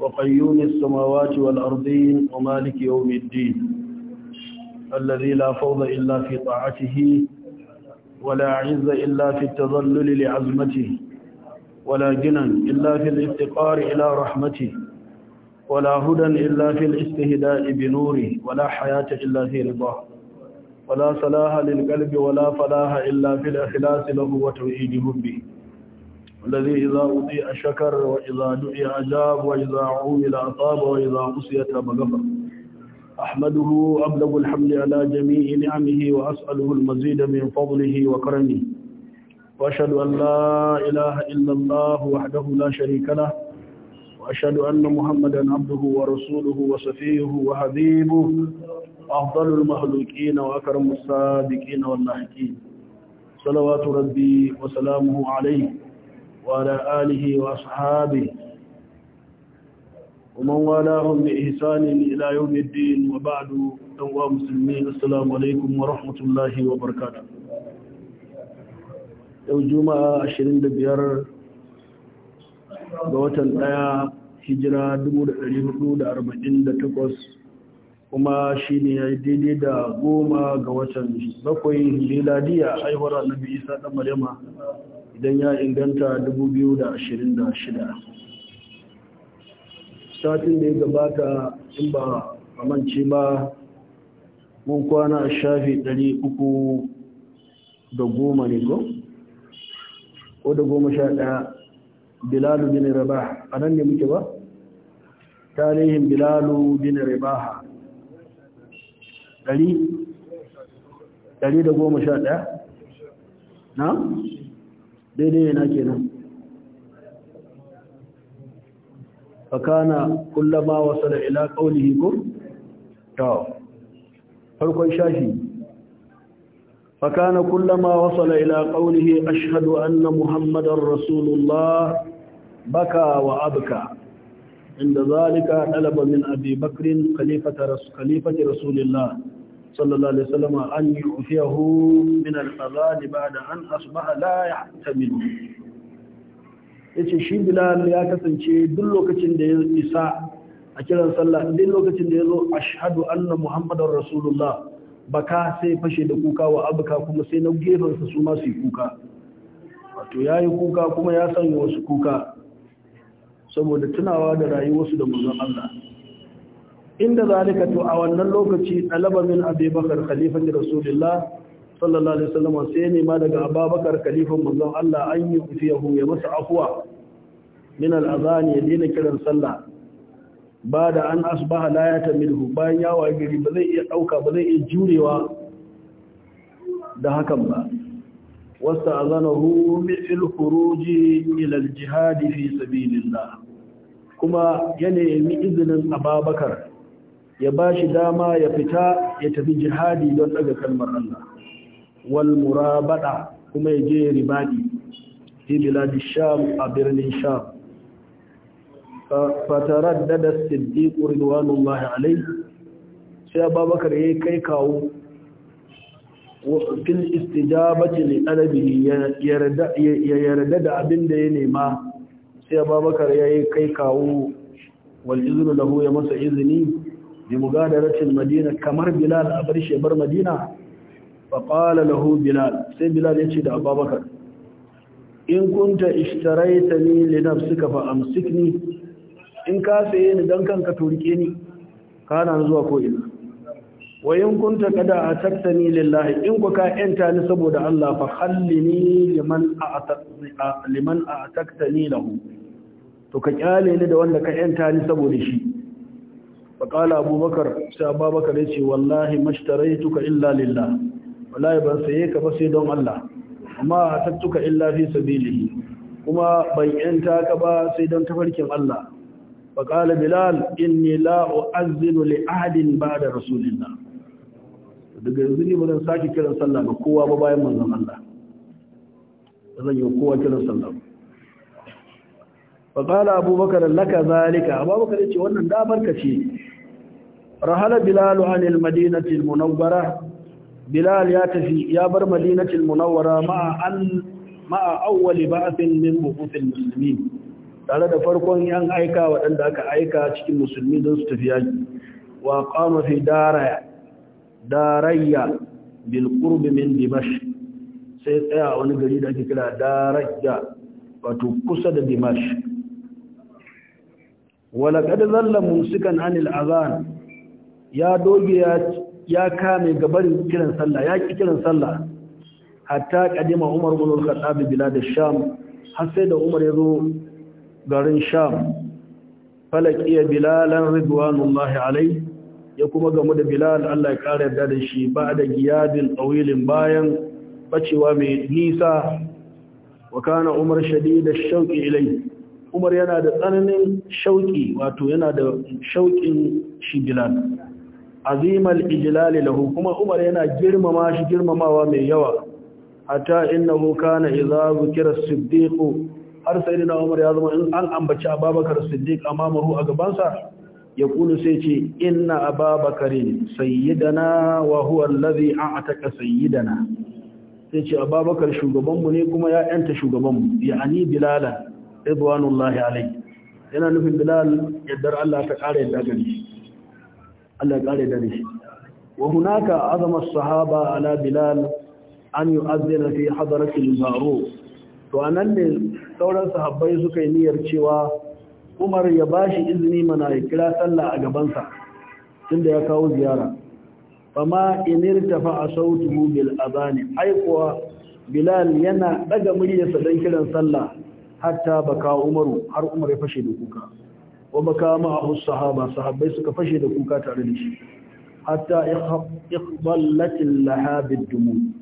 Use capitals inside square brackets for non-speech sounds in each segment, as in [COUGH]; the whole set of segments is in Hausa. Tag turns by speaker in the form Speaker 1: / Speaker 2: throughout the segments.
Speaker 1: وقيوم السماوات والأرضين ومالك يوم الدين الذي لا فوض إلا في طاعته ولا عز إلا في التظلل لعزمته ولا جنن إلا في الافتقار إلى رحمته ولا هدى إلا في الاستهداء بنوره ولا حياة إلا في رضاه ولا صلاح للقلب ولا فلاح إلا في الإخلاص له وتوحيدهم به الذي إذا أطيع شكر وإذا دعي أجاب وإذا عمل أطاب وإذا عصي تاب غفر أحمده أبلغ الحمد على جميع نعمه وأسأله المزيد من فضله وكرمه وأشهد أن لا إله إلا الله وحده لا شريك له وأشهد أن محمدا عبده ورسوله وصفيه وحبيبه أفضل المخلوقين وأكرم السابقين واللاحقين صلوات ربي وسلامه عليه وعلى آله وأصحابه ومن والاهم بإحسان إلى يوم الدين وبعد أنواع مسلمين السلام عليكم ورحمة الله وبركاته يوم جمعة عشرين دبيار juma'a 25 هجرة دمود ɗaya hijira 1448 kuma shi ne ya yi daidai da goma ga watan bakwai miladiya haihuwar annabi isa ɗan maryama idan ya inganta 2026 satin da ya gabata in ba a mance ba mun kwana a shafi 310 da goma ne ko? ko da goma sha ɗaya bilalu bin rabah a nan ne muke ba? tarihin bilalu bin rabaha ɗari da goma sha ɗaya na? daidai yana kenan fakana kullama wasala ila qawlihi kun to farkon shashi fakana kullama wasala ila qawlihi ashhadu anna muhammadar rasulullah baka wa abka inda zalika ɗalaba min أبي بكر خليفة, صلى الله عليه an أن يعفيه من الأذان بعد أن أصبح لا يحتمل yace shi Bilal ya kasance duk lokacin da ya isa a kiran sallah duk lokacin da ya zo ashhadu anna muhammadar rasulullah baka sai fashe da kuka wa abuka kuma sai na gefen sa su ma su kuka wato yayi kuka kuma ya sanya wasu kuka saboda tunawa da rayuwarsu da manzon Allah inda zalika to a wannan lokaci talaba min abubakar khalifan rasulullah sallallahu alaihi wasallam sai ne ma daga abubakar khalifan manzon Allah an yi kufiyahu ya masa afwa min al'azani ya dina kiran sallah ba da an asbaha la ya tamilhu bayan ya waye gari ba zai iya dauka ba zai iya jurewa da hakan ba wasta azanahu bil khuruji ila al jihad fi sabilillah kuma ya nemi izinin ababakar ya ba shi dama ya fita ya tafi jihadi don daga kalmar Allah wal murabada kuma ya je ribadi fi biladi sham a birnin sham taraddada siddiq ridwanullahi alayhi sai abubakar yayi kai kawo fil istijabati li talabihi ya yarda da abin da ya nema sai abubakar yayi kai kawo wal iznu lahu ya masa izini bi mugadaratil madina kamar bilal a bar shebar madina fa qala lahu bilal sai bilal yace da abubakar in kunta ishtaraitani li nafsika fa amsikni in ka saye ni dan kanka to rike ni kana zuwa ko ina wa in kunta kada ataktani lillahi in ku ka yanta ni saboda Allah fa khallini liman a'taktani liman a'taktani lahu to ka kyale ni da wanda ka yanta ni saboda shi faƙala abubakar sai ababakar ya ce wallahi mashtarai tuka illa lillah wallahi ban saye ka ba sai don Allah amma ta tuka illa fi sabilihi kuma ban yanta ka ba sai don tafarkin Allah faƙala bilal inni la u'azzinu li ahadin ba'da rasulillah daga yanzu ne bazan sake kiran sallah ga kowa ba bayan zan yi kowa kiran sallah faƙala abubakar laka zalika abubakar ce wannan damar ce rahala bilal anil madinatil munawwara bilal ya tafi ya bar madinatil munawwara ma'a awwali ba'athin min buhuthil muslimin tare da farkon yan aika waɗanda aka aika cikin musulmi don su tafi yaji wa qama fi daraya darayya bil qurb min dimash. sai tsaya wani gari da ake kira darajja wato kusa da dimash. walaƙad zalla musikan anil azan ya doge ya kame gabarin kiran sallah ya ki kiran sallah hatta kadima umar ibn al-khattab bilad sham har sai da umar ya zo garin sham falakiya bilalan ridwanullahi alai ya kuma gamu da bilal Allah ya kare yarda da shi ba da giyadin awilin bayan bacewa mai nisa wa kana umar shadid ash-shauqi ilai umar yana da tsananin shauki wato yana da shauƙin shi bilal azimal ijlali lahu kuma umar yana girmama shi girmamawa mai yawa hatta innahu kana idza zikra as-siddiq har sayyidina umar ya zama in an ambaci ababakar siddiq amamahu a gabansa ya kulu sai ce inna ababakarin sayyidana wa huwa allazi a'taka sayyidana sai ce ababakar mu ne kuma ya shugaban mu. ya'ani bilalan ridwanullahi yana nufin bilal yaddar Allah ta kare yadda gare Allah kare da wa hunaka azama sahaba ala bilal an yu'adhdhira fi hadarati al-baru to anan ne sauran sahabbai suka yi niyyar cewa Umar ya bashi izini mana ya kira sallah a gabansa tunda ya kawo ziyara fama inirtafa a sautuhu bil azani aikuwa bilal yana daga muryarsa don kiran sallah hatta baka umaru har umar ya fashe da kuka wa baka ma'ahu sahaba sahabbai suka fashe da kuka tare da shi hatta ikhballatil lahabid dumu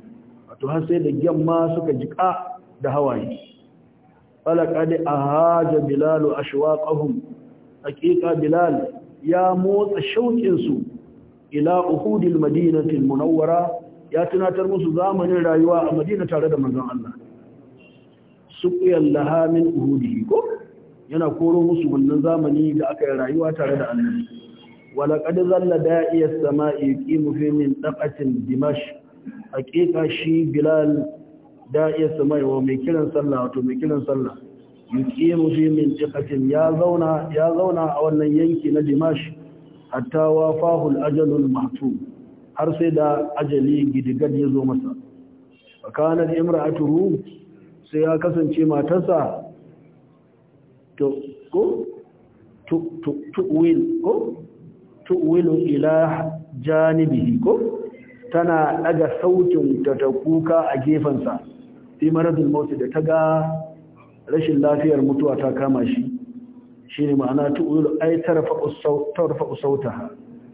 Speaker 1: wato har sai da gyamma suka jika da hawaye falaqad ahaja bilal ashwaqahum haqiqa bilal ya motsa shaukin su ila uhudil madinatil munawwara ya tunatar musu zamanin rayuwa a madina tare da manzon Allah suƙiyar min uhudihi ko yana koro musu wannan zamani da aka yi rayuwa tare da annabi wala qad zalla da'iyas sama'i qimu fi min daqatin dimash haqiqa shi bilal da'iyas sama'i wa mai kiran sallah wato mai kiran sallah yuqimu fi min daqatin ya zauna ya zauna a wannan yanki na dimash hatta wa fahul ajalul mahtu har sai da ajali gidigad ya zo masa fa kanat imra'atuhu sai ya kasance matarsa to ko to will ko to will ila janibihi ko tana daga sautin ta ta kuka a gefansa fi maradul maut da ta ga rashin lafiyar mutuwa ta kama shi shine ma'ana to will ai tarfa usauta tarfa usautaha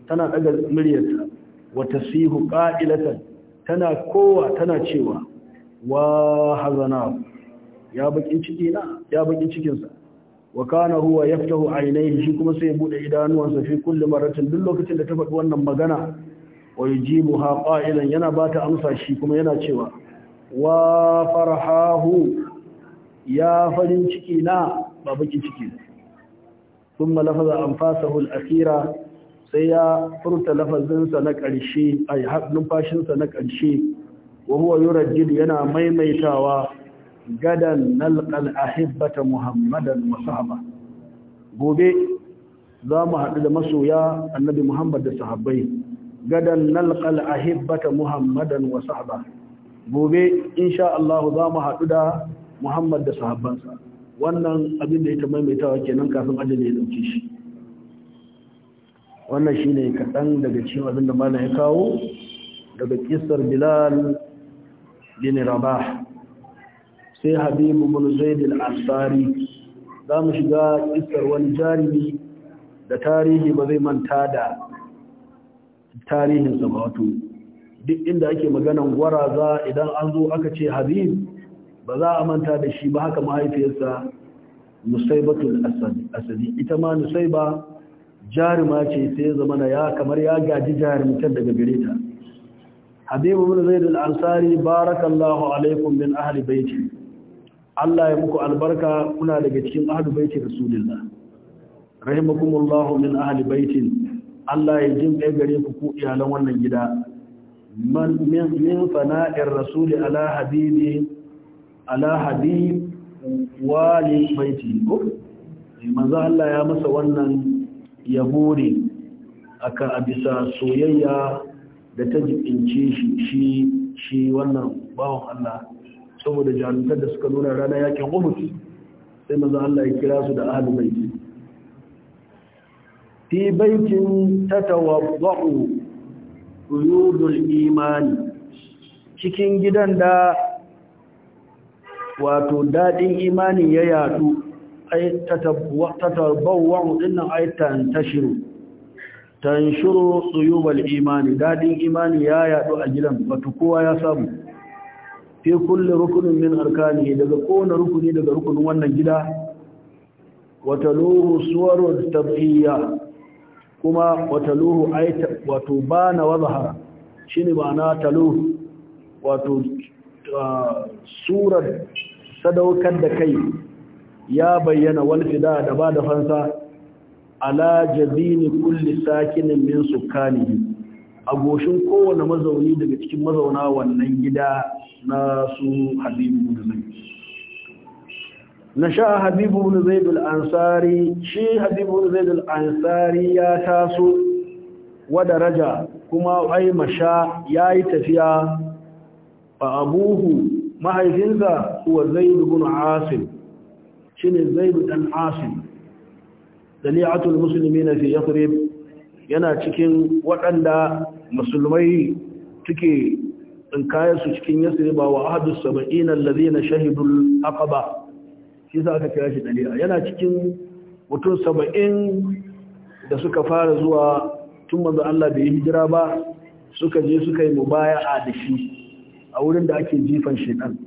Speaker 1: tana daga muryarta wa tasihu qa'ilatan tana kowa tana cewa wa hazana ya bakin ciki na ya bakin cikin sa wa kana huwa yaftahu aynayhi shi kuma sai ya bude idanuwansa fi kulli maratin duk lokacin da ta faɗi wannan magana wa yujibuha qa'ilan yana bata amsa shi kuma yana cewa wa farhahu ya farin ciki na ba bakin ciki ثم لفظ أنفاسه الأخيرة sai ya furta lafazinsa na ƙarshe a sa na ƙarshe wa huwa yana maimaitawa gadan nalqal ahibbata muhammadan wa sahaba gobe za mu haɗu da masoya annabi muhammad da sahabbai gadan nalqal ahibbata muhammadan wa sahaba gobe insha Allah za mu haɗu da muhammad da sahabbansa wannan abin da ya maimaitawa kenan kafin ajali ya dauke shi wannan shine kaɗan daga cikin abin da malam ya kawo daga ƙisar bilal bin rabah sai habibu bin zaid al-ansari za mu shiga iskar wani jarumi da tarihi ba zai manta da tarihinsa ba wato duk inda ake maganan gwaraza idan an zo aka ce habib ba za a manta da shi ba haka mahaifiyarsa nusaibatul asadi ita ma nusaiba jarima ce sai ya zama ya kamar ya gaji jarimtar daga gare habibu bin zaid al-ansari barakallahu alaikum min ahli baiti Allah ya muku albarka kuna daga cikin ahli baiti rasulullah rahimakumullahu min ahli baitin Allah ya jin kai gare ku ku iyalan wannan gida man min fana'ir rasuli ala habibi ala habib wali baiti ko manzo Allah ya masa wannan yabo aka abisa soyayya da ta jibince shi shi shi wannan bawan Allah saboda jami'ar da suka nuna rana yakin Uhud sai manzo Allah ya kira su da ahlul bait fi baitin tatawadda'u uyudul iman cikin gidan da wato daɗin imani ya yadu ay tatabawwa'u dinnan ay tantashiru tanshuru suyubal imani dadin imani ya yadu a gidan batu kowa ya samu fi kulli rukunin min arkani daga kowane rukuni daga rukunin wannan gida wata luhu suwarun tabiyya kuma wata luhu aita wato bana wa zahara shine ma'ana talu wato ah, surar sadaukar da kai ya bayyana wal fida da ba da fansa ala jabini kulli sakinin min sukanihi a goshin kowane mazauni daga cikin mazauna wannan gida na su habibu da zai Nasha Habibu habibu da al ansari shi habibu da al ansari ya taso wada kuma ai masha ya yi tafiya fa abuhu mahaifinsa kuwa zai bin asim shi ne dan asim dali'atul musulmi fi yathrib yana cikin waɗanda musulmai in tsinkayar su cikin ba wa ahadus sab'in allazina shahidul aqaba shi sa kira shi dali'a yana cikin mutum saba'in da suka fara zuwa tun manzo Allah bai hijira ba suka je suka yi mubaya'a da shi a wurin da ake jifan shedan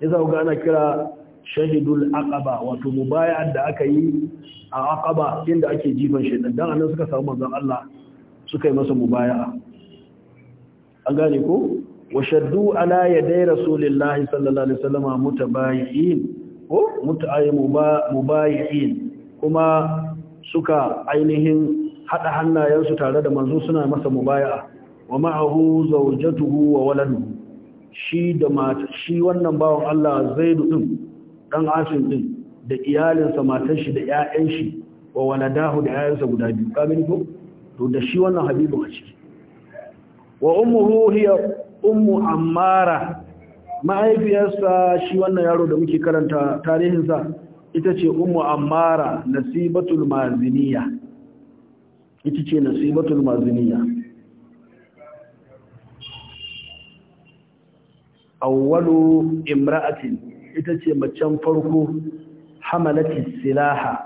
Speaker 1: yasa ga ana kira shahidul aqaba wato mubaya'a da aka yi a aqaba inda ake jifan shi dan annan suka samu manzon Allah suka yi masa mubaya'a an gane ko wa shaddu ala yaday rasulillahi sallallahu alaihi wasallam mutabayyin ko muta'ayyi mubayyin kuma suka ainihin hada hannayensu tare da manzo suna masa mubaya'a wa ma'ahu zawjatuhu wa waladuhu shi da mata shi wannan bawon Allah Zaidu din dan asin din da iyalinsa matan shi da ƴaƴan shi wa waladahu da ƴaƴansa guda biyu ka ko to da shi wannan habibu a ciki wa ummuhu hiya ummu ammara mahaifiyarsa shi wannan yaro da muke karanta tarihinsa ita ce ummu ammara nasibatul maziniya ita ce nasibatul maziniya awwalu imra'atin ita ce macen farko hamalati silaha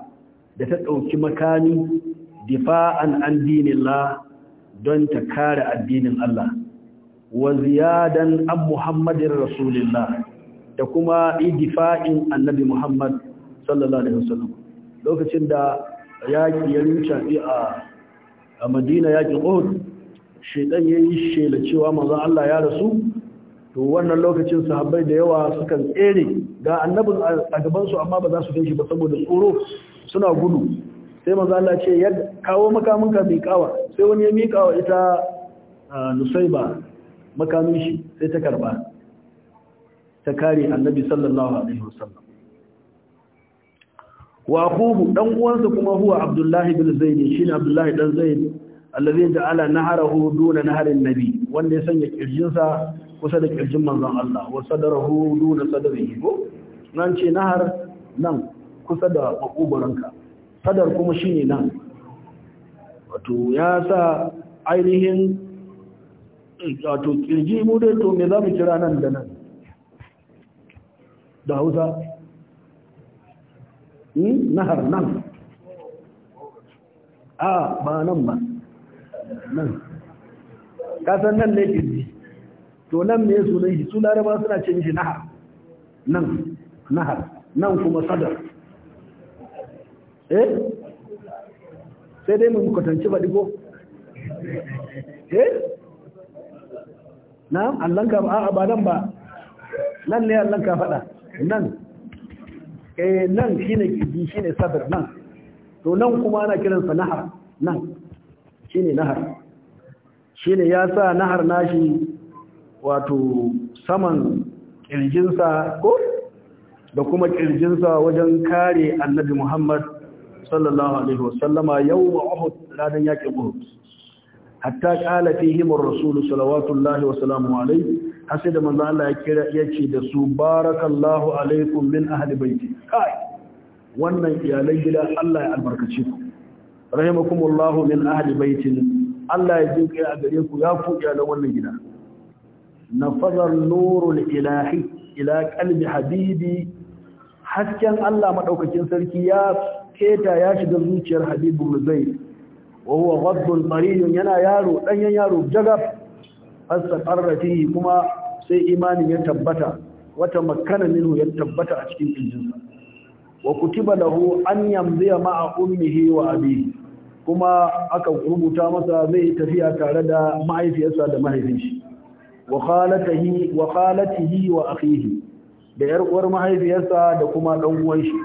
Speaker 1: da ta ɗauki makami difa'an an dinillah don ta kare addinin Allah wa ziyadan an muhammadin rasulillah da kuma idifa'in annabi muhammad sallallahu alaihi wasallam lokacin da yaƙi ya rincaɓi a madina yaƙin uhud shaidan ya yi shela cewa manzon Allah ya rasu to wannan lokacin sahabbai da yawa sukan tsere ga annabin a gabansu amma ba za su kai shi ba saboda tsoro suna gudu sai maza Allah ce ya kawo makamin ka miƙawa sai wani ya miƙawa ita nusaiba makamin shi sai ta karba ta kare annabi sallallahu alaihi wasallam wa akuhu dan uwansa kuma huwa abdullahi bin zaid shine abdullahi dan zaid alladhi ja'ala naharahu duna naharin nabi wanda ya sanya kirjinsa kusa da kirjin manzon Allah wa sadarahu duna sadarihi ko nan ce nahar nan kusa da makubaranka sadar kuma shine nan wato ya sa ainihin wato kirji mu dai to me zamu kira nan da nan da Hausa hmm? nahar nan a ah, ba nan ba nan san nan ne kirji to nan ne sunan shi su laraba suna ce mishi nahar nan nahar nan kuma sadar eh sai dai mun kwatanci ba ko eh na allanka ba a ba nan ba nan ne allanka faɗa nan eh nan shine kiji shine sadar nan to nan kuma ana kiransa nahar nan shine nahar shine ya sa nahar nashi wato saman ƙirjinsa ko da kuma ƙirjinsa wajen kare annabi Muhammad sallallahu alaihi wasallama yau wa Uhud ranar yaƙin Uhud hatta qala fihim ar-rasul salawatullahi wa salamu alayhi sai da manzo Allah ya kira da su barakallahu alaikum min ahli baiti kai wannan iyalan gida Allah ya albarkace ku rahimakumullahu min ahli baitin Allah ya jinka a gare ku ya ku iyalan wannan gida nafazar nurul ilahi ila kalbi habibi hasken Allah maɗaukacin sarki ya keta ya shiga zuciyar habibu zai wa huwa ghaddun qariyun yana yaro danyen yaro jagab asqarrati kuma sai imanin ya tabbata wata makkana minhu ya tabbata a cikin injinsa wa kutiba lahu an yamziya ma'a ummihi wa abihi kuma aka rubuta masa zai tafiya tare da mahaifiyarsa da mahaifin wa khalatihi wa akhihi da yar uwar mahaifiyarsa da kuma dan uwan shi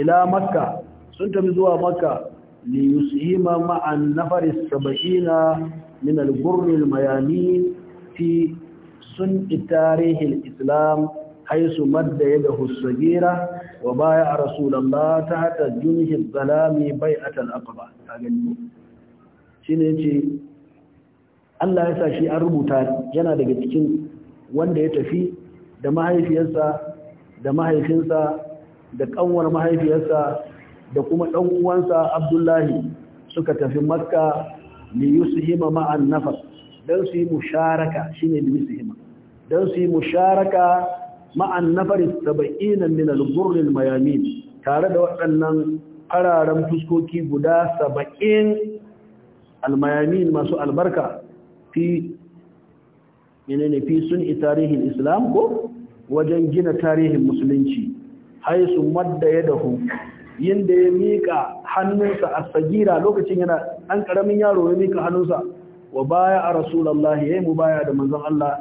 Speaker 1: ila makka sun tafi zuwa makka li yusima ma an nafaris sabaina min al mayani sun itarihi al islam haisu madda yada husagira wa baya a rasulallah ta hata bai zalami bai'atan aqba ta gani shi ne ce Allah ya sa shi an rubuta yana daga cikin wanda ya tafi da mahaifiyarsa da mahaifinsa da kanwar mahaifiyarsa da kuma ɗan uwansa Abdullahi suka tafi Makka li yusihima ma'an dan su yi musharaka shine li yusihima dan su yi musharaka ma'an nafar 70 min al-ghurr al-mayamin tare da waɗannan fararen fuskoki guda 70 al-mayamin masu albarka fi ne fi sun tarihin islam ko wajen gina tarihin musulunci haisu madda ya dahu yinda ya miƙa hannunsa a sagira lokacin yana an ƙaramin yaro ya mika hannunsa wa baya a rasulallah ya yi mu baya da manzon Allah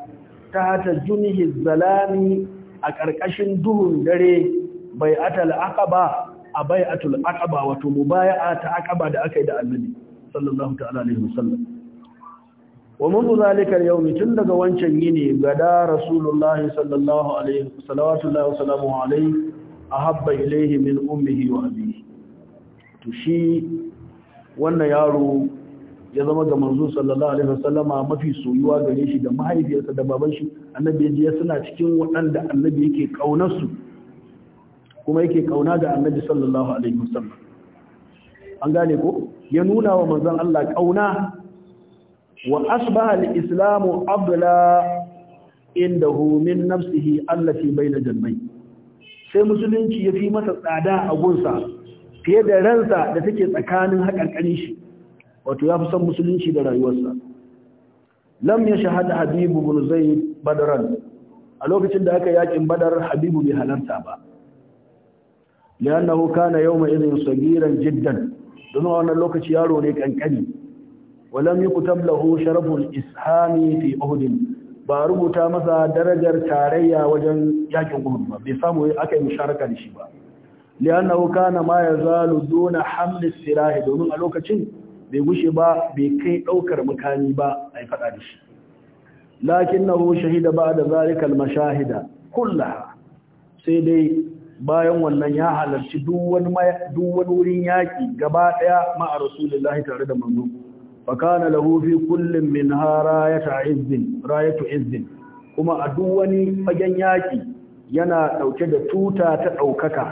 Speaker 1: ta hata junihi zalami a ƙarƙashin duhun dare bai atal aqaba a bai atul aqaba wato mu mubaya'a ta aqaba da aka yi da annabi sallallahu ta'ala alaihi wasallam wa منذ ذلك اليوم tun daga wancan yini gada rasulullahi sallallahu alaihi salawatullahi wa salamuhu alaihi ahabba ilayhi min ummihi wa abihi to shi wannan yaro ya zama ga manzo sallallahu alaihi wasallama mafi soyuwa gare shi da mahaifiyarsa da baban shi annabi ya suna cikin waɗanda annabi yake kaunar su kuma yake kauna ga annabi sallallahu alaihi wasallam an gane ko ya nuna wa manzon Allah kauna wa asbaha al-islamu abla indahu min nafsihi allati baina sai musulunci yafi masa tsada a gunsa fiye da ransa da take tsakanin haƙarƙarin shi wato yafi san musulunci da rayuwarsa lam ya shahada habibu bin badran a lokacin da aka yakin badar habibu bai halarta ba li'annahu kana yawma idhin sagiran jiddan don wannan lokaci yaro ne kankani walam yukutab lahu sharaful ishami fi uhud ba rubuta masa darajar tarayya wajen yakin uhud ba bai samu aka yi musharaka da shi ba li'annahu kana ma yazalu duna hamlis sirahi domin a lokacin bai bushe ba bai kai ɗaukar makami ba ai fada da shi lakinnahu shahida ba da al-mashahida kullaha sai dai bayan wannan ya halarci duk wani wurin yaƙi gaba ɗaya ma'a rasulullahi tare da manzo fakana lahofi kullum min ha raya ta kuma a wani fagen yaƙi yana ɗauke da tuta ta ɗaukaka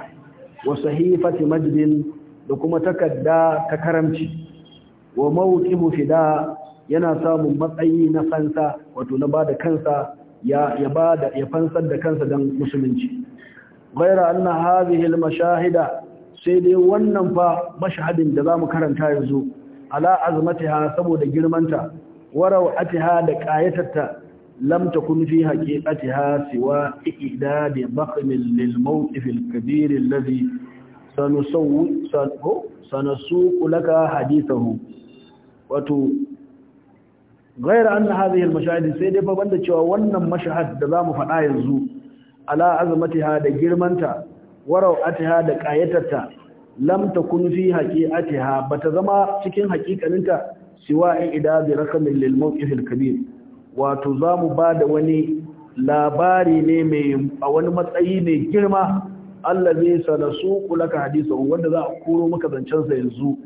Speaker 1: wasu hifati majalin da kuma takarda ta karamci wa mawuki mufida yana samun matsayi na fansa wato na ba kansa ya ba da ya fansar da kansa don musulunci gaira an na hazihil mashahida sai dai wannan fa mashahadin da zamu karanta yanzu zo ala azmatiha saboda girmanta warau atiha da kayatatta lam takun fi haqiqatiha siwa iqdad baqm lil mawqif al kabir alladhi sanusawwi sanu sanasuq laka hadithahu wato غير ان هذه المشاهد سيدا فبند cewa wannan mashahad da zamu fada yanzu ala azmatiha da girmanta warau atiha da kayatatta lam kun fi ba bata zama cikin haqiqaninta siwa ida bi raka lil mawqif kabir wato zamu da wani labari ne mai a wani matsayi mai girma allazi sanasuqu laka hadithu wanda za a koro maka zancen sa yanzu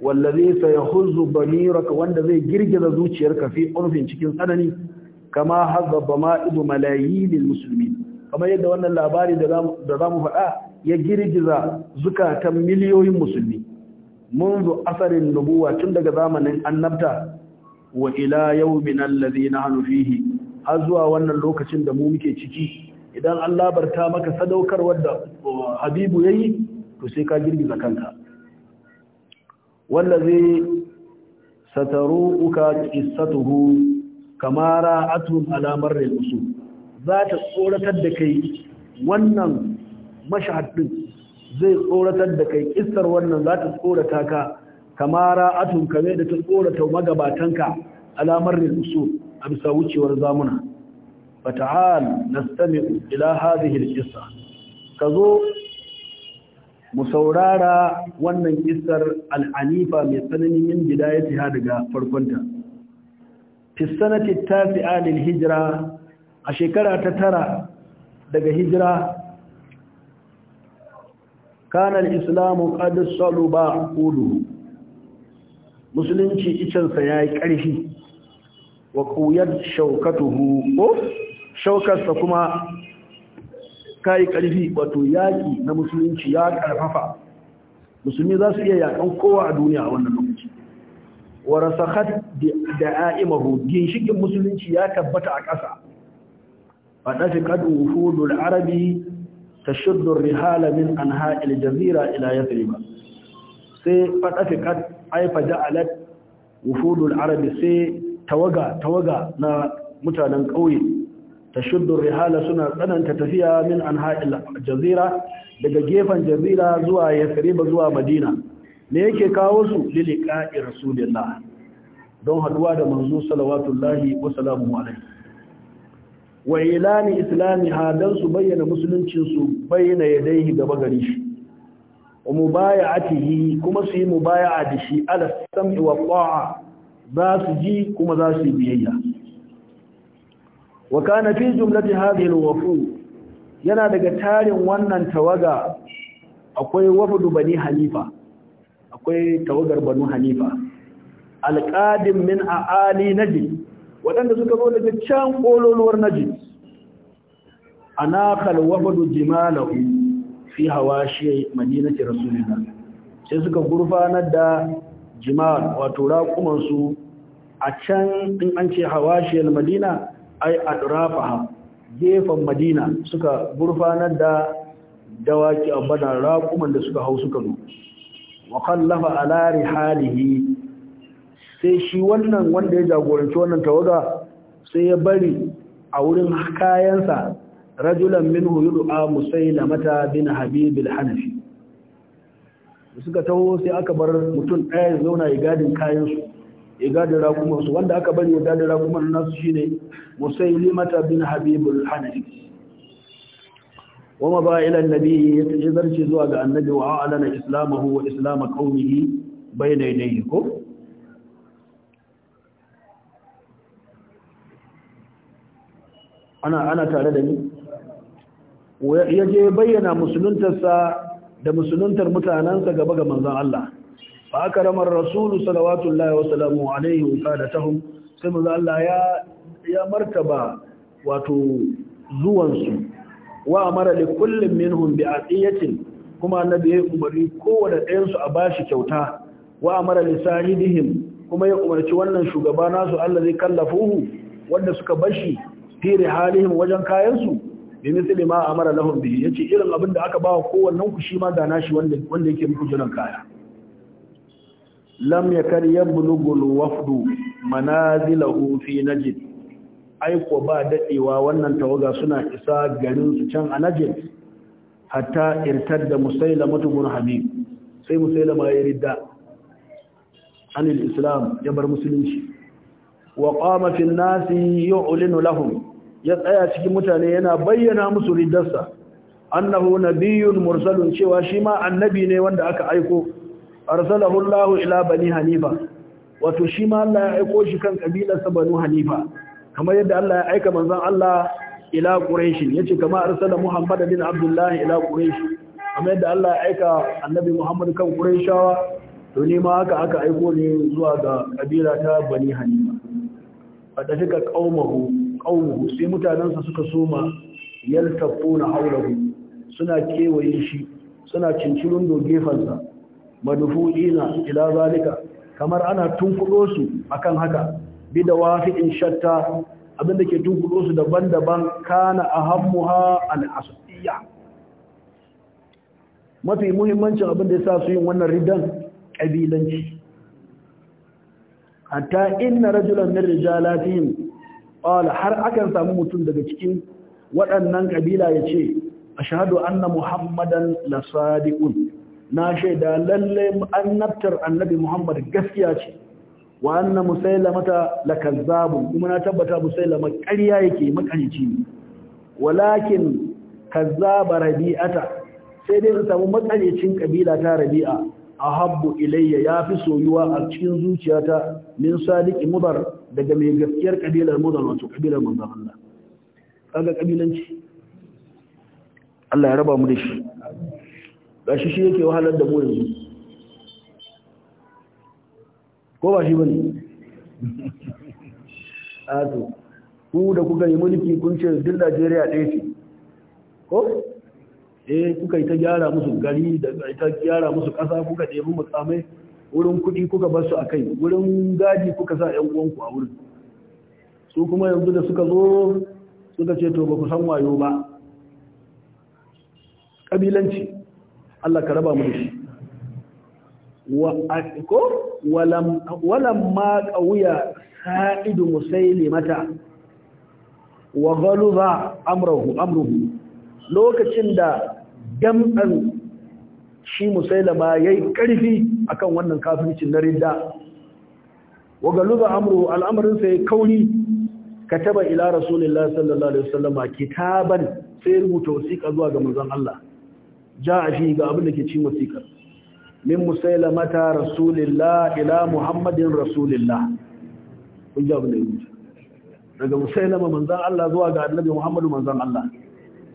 Speaker 1: wallazi sayahuzzu bamiraka wanda zai girgiza zuciyarka fi urfin cikin tsanani kama hazaba ma'idu malayilil muslimin kamar yadda wannan labari da zamu faɗa Ya girgiza zukatan miliyoyin musulmi. Mun zo asalin nubuwa tun daga zamanin annabta. Wa ila yau mi nan lafiya na hannu fiye. Har zuwa wannan lokacin da mu muke ciki idan an labarta maka sadaukar wanda Habibu yayi to sai ka girgiza kanka. Wannan lafiya satarau isa tuhu kamara atun alamar rena iso. Za ta tsoratar da kai wannan. mashahad din zai tsoratar da kai kissar wannan za ta tsorata ka kamara atun kame da ta tsorata magabatanka alamar usul a bisa wucewar zamuna fata'al nastami'u ila hadhihi al-qissa zo mu saurara wannan kissar al-anifa mai tsananin min bidayatiha daga farkonta fi sanati tafi'a lil hijira a shekara ta tara daga hijira kana al-islamu qad saluba qulu musulunci icinsa yayi ƙarfi wa quyad shaukatuhu ko shaukarsa kuma kai ƙarfi wato yaƙi na musulunci ya karfafa musulmi za su iya yakan kowa a duniya a wannan lokaci wa rasakhat da'aimahu ginshikin musulunci ya tabbata a ƙasa fadafi qad ufudul arabi tashuddu rihala min anha'il jazira ila yathriba sai fadafikat ay faja'alat wufudul arabi sai tawaga tawaga na mutanen kauye tashuddu rihala suna tsananta tafiya min anha'il jazira daga gefen jazira zuwa yathriba zuwa madina me yake kawo su liliqa'i rasulillah don haduwa da manzo sallallahu alaihi wasallam alaihi wa ilani islami hadan su bayyana musuluncin su bayyana yadaihi gaba gari shi wa kuma su yi mubaya'a da shi ala sam'i wa ta'a za su ji kuma za su yi biyayya wa kana fi jumlati hadhihi al yana daga tarin wannan tawaga akwai wafdu bani hanifa akwai tawagar banu hanifa alqadim min aali najd waɗanda suka zo daga can ƙololuwar najis ana kalwabadu jimalahu fi hawa shi madinati rasulina sai suka gurfanar da jimal wato raƙumansu a can ɗin an ce hawa shi madina ai a rafaha gefen madina suka gurfanar da dawaki a bada raƙuman da suka hau suka zo wa kallafa ala rihalihi sai shi wannan wanda ya jagoranci wannan tawaga sai ya bari a wurin kayansa rajulan minhu yud'a musailamata bin habibul hanafi da suka taho sai aka bar mutum ɗaya ya zauna ya gadin kayansu ya gadin rakumansu wanda aka bari ya gadin rakuman nasu shine musailamata bin habibul hanafi wa ba ila annabi ya zarce zuwa ga annabi wa a'lana islamahu wa islam qaumihi bayna yadayhi ko ana ana tare da ni ya je bayyana musuluntarsa da musuluntar mutanensa gaba ga manzan Allah fa akramar rasulu salawatullahi wa alaihi wa sadatahum sai manzan Allah ya ya martaba wato zuwansu wa amara li kullin minhum bi atiyatin kuma annabi ya umarni kowanne ɗayan su a bashi kyauta wa amara li dihim, kuma ya umarci wannan shugaba nasu Allah zai kallafuhu wanda suka bashi fi rihalihim wajen kayan kayansu bi misali ma amara lahum bi yace irin abin da aka bawa kowannen ku shi ma ga nashi wanda wanda yake muku jiran kaya lam yakari yablugul wafdu manazilahu fi najd aiko ba dadewa wannan tawaga suna isa garin su can a najd hatta irtadda musailama ibn habib sai musailama ya ridda anil islam ya bar musulunci wa qama fil nasi yu'linu lahum ya tsaya cikin mutane yana bayyana musu riddarsa annahu nabiyyun mursalun cewa shi ma annabi ne wanda aka aiko arsalahu Allah ila bani hanifa wato shi ma Allah ya aiko shi kan kabilar sa banu hanifa kamar yadda Allah ya aika manzon Allah ila quraish yace kamar arsala muhammad bin abdullah ila quraish kamar yadda Allah ya aika annabi muhammad kan quraishawa to ni ma haka aka aiko ne zuwa ga kabila ta bani hanifa da shi fadafika qaumahu qawmuhu sai mutanansa suka soma yaltafuna hawlahu suna kewaye shi suna cincirin do gefansa madufu'ina ila zalika kamar ana tunkudo su akan haka bidawafi'in shatta abinda ke tunkudo su daban-daban kana ahammuha al-asfiyya mafi muhimmancin abinda yasa su yin wannan ridan kabilanci hatta inna rajulan min rijalatihim qala har akan samu mutum daga cikin waɗannan ƙabila ya ce ashhadu anna muhammadan la sadiqun na shaida lalle annabtar annabi muhammad gaskiya ce wa anna musailamata la kazzabun kuma na tabbata musailama ƙarya yake makarici ne walakin kazzaba rabi'ata sai dai in samu matsanancin kabila ta rabi'a ahabbu ilayya fi soyuwa a cikin zuciyata min sadiq mudar daga mai gaskiyar kabilar muzan wato kabilar manzan Allah kaga kabilanci Allah ya raba mu da shi gashi shi yake wahalar da mu yanzu ko ba shi bane [LAUGHS] a to ku da kuka yi mulki kun ce duk Najeriya ɗaya ce ko eh kuka yi ta gyara musu gari da ta gyara musu ƙasa kuka ɗebi mutsamai wurin kuɗi kuka bar su a kai wurin gadi kuka sa ‘yan uwanku a wurin su kuma yanzu da suka zo suka ce to ba ku san wayo ba ƙabilanci Allah ka raba mu da shi walam ma ƙauya sa'idu musaili mata wa galuza amruhu lokacin da damɗan shi musailama ya yi ƙarfi a kan wannan kafircin na ridda wagaluza amuru al'amarinsa ya kauri ka taba ila rasulullah sallallahu alaihi wasallama kitaban sai rubuta wasiƙa zuwa ga manzan Allah ja a shi ga abin da ke cin wasiƙar min musailamata rasulullah ila muhammadin rasulullah kun ji abin da ya rubuta daga musailama manzan Allah zuwa ga annabi muhammadu manzan Allah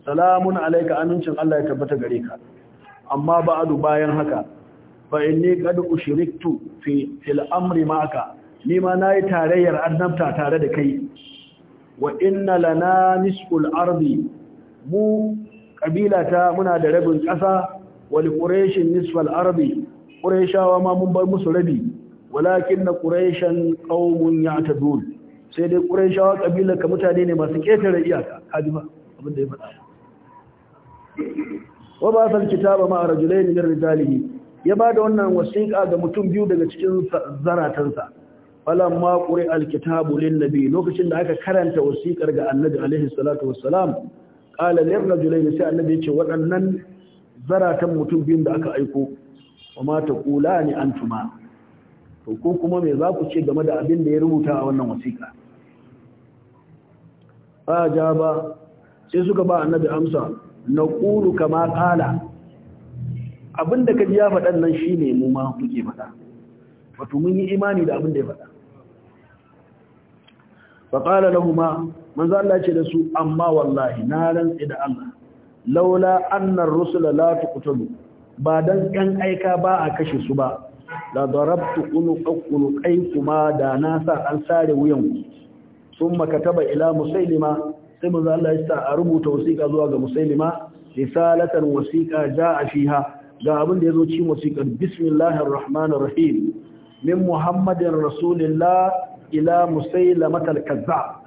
Speaker 1: salamun alaika amincin Allah ya tabbata gare ka amma ba'adu bayan haka fa inni qad ushriktu fi fil amri ma'aka ni ma nayi tarayyar annabta tare da kai wa inna lana nisful ardi mu kabilata muna da rabin ƙasa wal quraish nisful ardi quraishawa ma mun bar musu rabi walakin na quraishan qaumun ya'tadun sai dai quraishawa kabilar ka mutane ne masu ketare iyaka kaji abin da ya faɗa wa ba san kitaba ma rajulain min rijalihi ya da wannan wasiqa ga mutum biyu daga cikin zaratansa ma quri alkitabu linnabi lokacin da aka karanta wasiqar ga annabi alaihi salatu wassalam qala lir rajulain sai annabi ya ce waɗannan zaratan mutum biyun da aka aiko kuma ta kula ni antuma to ko kuma me za ku ce game da abin da ya rubuta a wannan wasiƙa ba ja ba sai suka ba annabi amsa ƙuru kama qala abinda kaji ya faɗan nan shi ne, mu ma muke faɗa wato mun yi imani da abinda ya faɗa fa qala lahuма manzo Allah ce da su amma wallahi na rantsi da Allah laula annar rusula la tuqtalu ba dan ɗan aika ba a kashe su ba
Speaker 2: la darabtu
Speaker 1: qaykuma da nasa, sa an sare wuyan ku makataba ila musailima sai manzo Allah ya sa a rubuta wasiƙa zuwa ga musailima risalatan wasiƙa jaa fiha ga abin da yazo cikin wasiƙar bismillahir rahmanir rahim min muhammadin rasulillah ila musailamatal kazzab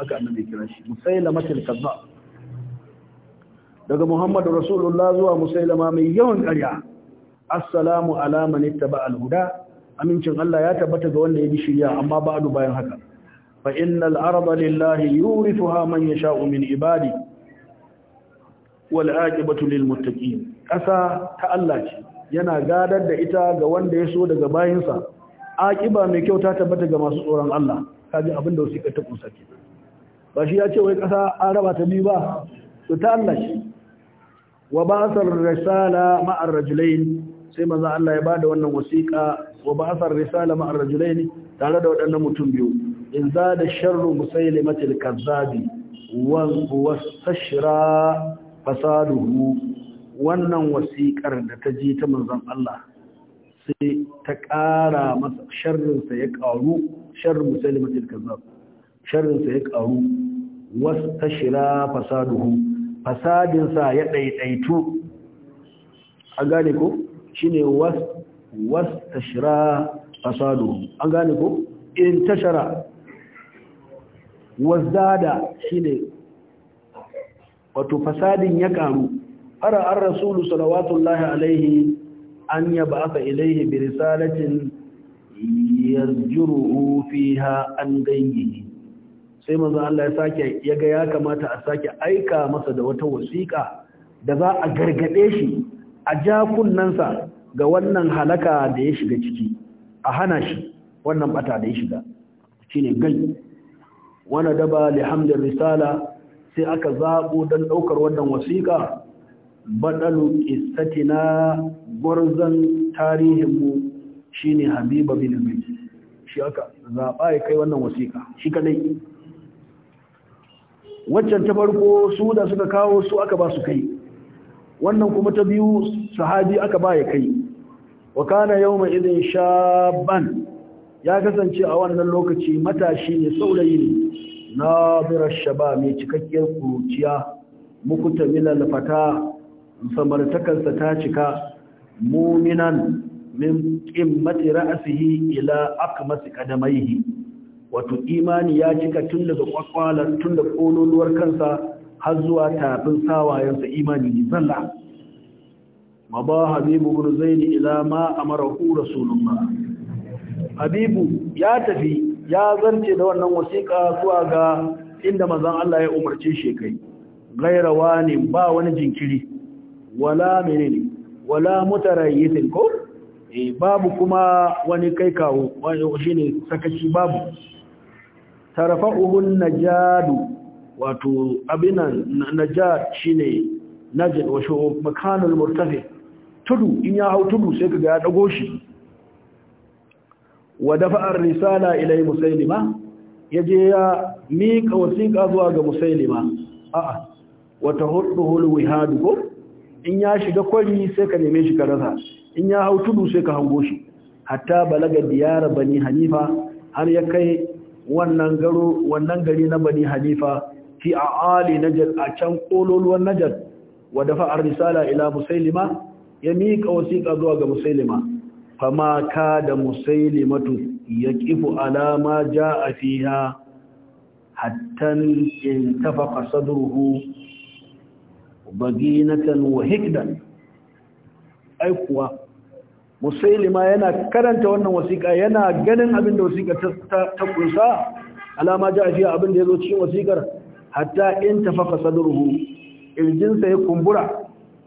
Speaker 1: haka annabi kira shi musailamatal kazzab daga muhammadur rasulullah zuwa musailama mai yawan ƙarya assalamu ala man ittaba al-huda amincin Allah ya tabbata ga wanda ya bi shiriya amma ba'du bayan haka فإن الأرض لله يورثها من يشاء من عبادي والعاقبة للمتقين أسا تألاك yana gadar da ita ga wanda ya so daga bayansa aƙiba mai kyau ta tabbata ga masu tsoron Allah kaji abin da wasiƙa ta kunsa ke ba shi ya ce wai ƙasa an raba ta biyu ba to ta Allah shi wa ba'asar risala ma'ar rajulain sai manzo Allah ya bada wannan wasiƙa wa ba'asar risala ma'ar rajulain tare da waɗannan mutum biyu in za da sharru musailimatil kazzabi wasashira fasaduhu wannan wasiƙar da ta je ta manzon Allah sai ta ƙara masa sharrinsa ya ƙaru sharrin musailimatil kazzab sharrinsa ya ƙaru wasashira fasaduhu fasadinsa ya ɗaiɗaitu a gane ko shine was was tashra fasaduhu an gane ko in tashara wazada shine wato fasadin ya karu ara ar rasulu sallallahu alaihi an yab'atha ilaihi bi risalatin yarjuruhu fiha an gayyihi sai manzo Allah ya sake yaga ya kamata a sake aika masa da wata wasiƙa da za a gargade shi a ja kunnansa ga wannan halaka da ya shiga ciki a hana shi wannan bata da ya shiga shine gai wani daba alhamdulillah risala sai aka zaɓo don ɗaukar wannan wasiƙa baɗalu ƙistatina gwarzon tarihinmu shi ne habiba bin mai shi aka zaɓa ya kai wannan wasiƙa shi kadai waccan ta farko su da suka kawo su aka ba su kai wannan kuma ta biyu sahabi aka ba ya kai wa kana yau mai sha ban ya kasance a wannan lokaci matashi ne saurayi ne na birar shaba mai cikakkiyar kuruciya mukuta milal fata samartakarsa ta cika muminan min qimmati ra'sihi ila aqmasi qadamaihi wato imani ya cika tun daga kwakwalar tun da kololuwar kansa har zuwa tafin sawayensa imani ne zalla mabaha zai bugun zaini ila ma amara ku rasulullah habibu ya tafi ya zance da wannan wasiƙa zuwa ga inda mazan Allah ya umarci shi kai gaira wani ba wani jinkiri wala menene wala mutarayyitin ko e babu kuma wani kai kawo shine sakaci babu tarfa'uhun najadu wato abin najad shine najad wa makanul murtafi tudu in ya hau tudu sai kaga ya dago shi wa dafa'a risala ilai musailima yaje ya mika wasiqa zuwa ga musailima a'a wa tahudduhu alwihad in ya shiga kwari sai ka neme shi ka rasa in ya hau tudu sai ka hango shi hatta balaga diyar bani hanifa har ya kai wannan garo wannan gari na bani hanifa fi aali najd a can kololuwan najd wa dafa'a risala ila musailima ya mika wasiƙa zuwa ga musailima fama ka da musailimatu ya kifu alama ja a fiya hattan in tafaka sadurhu baginatan wa hikdan aikuwa musailima yana karanta wannan wasiƙa yana ganin abin da wasiƙa ta kunsa alama ja a fiya abin da ya zo cikin wasiƙar hatta in tafaka sadurhu irjinsa ya kumbura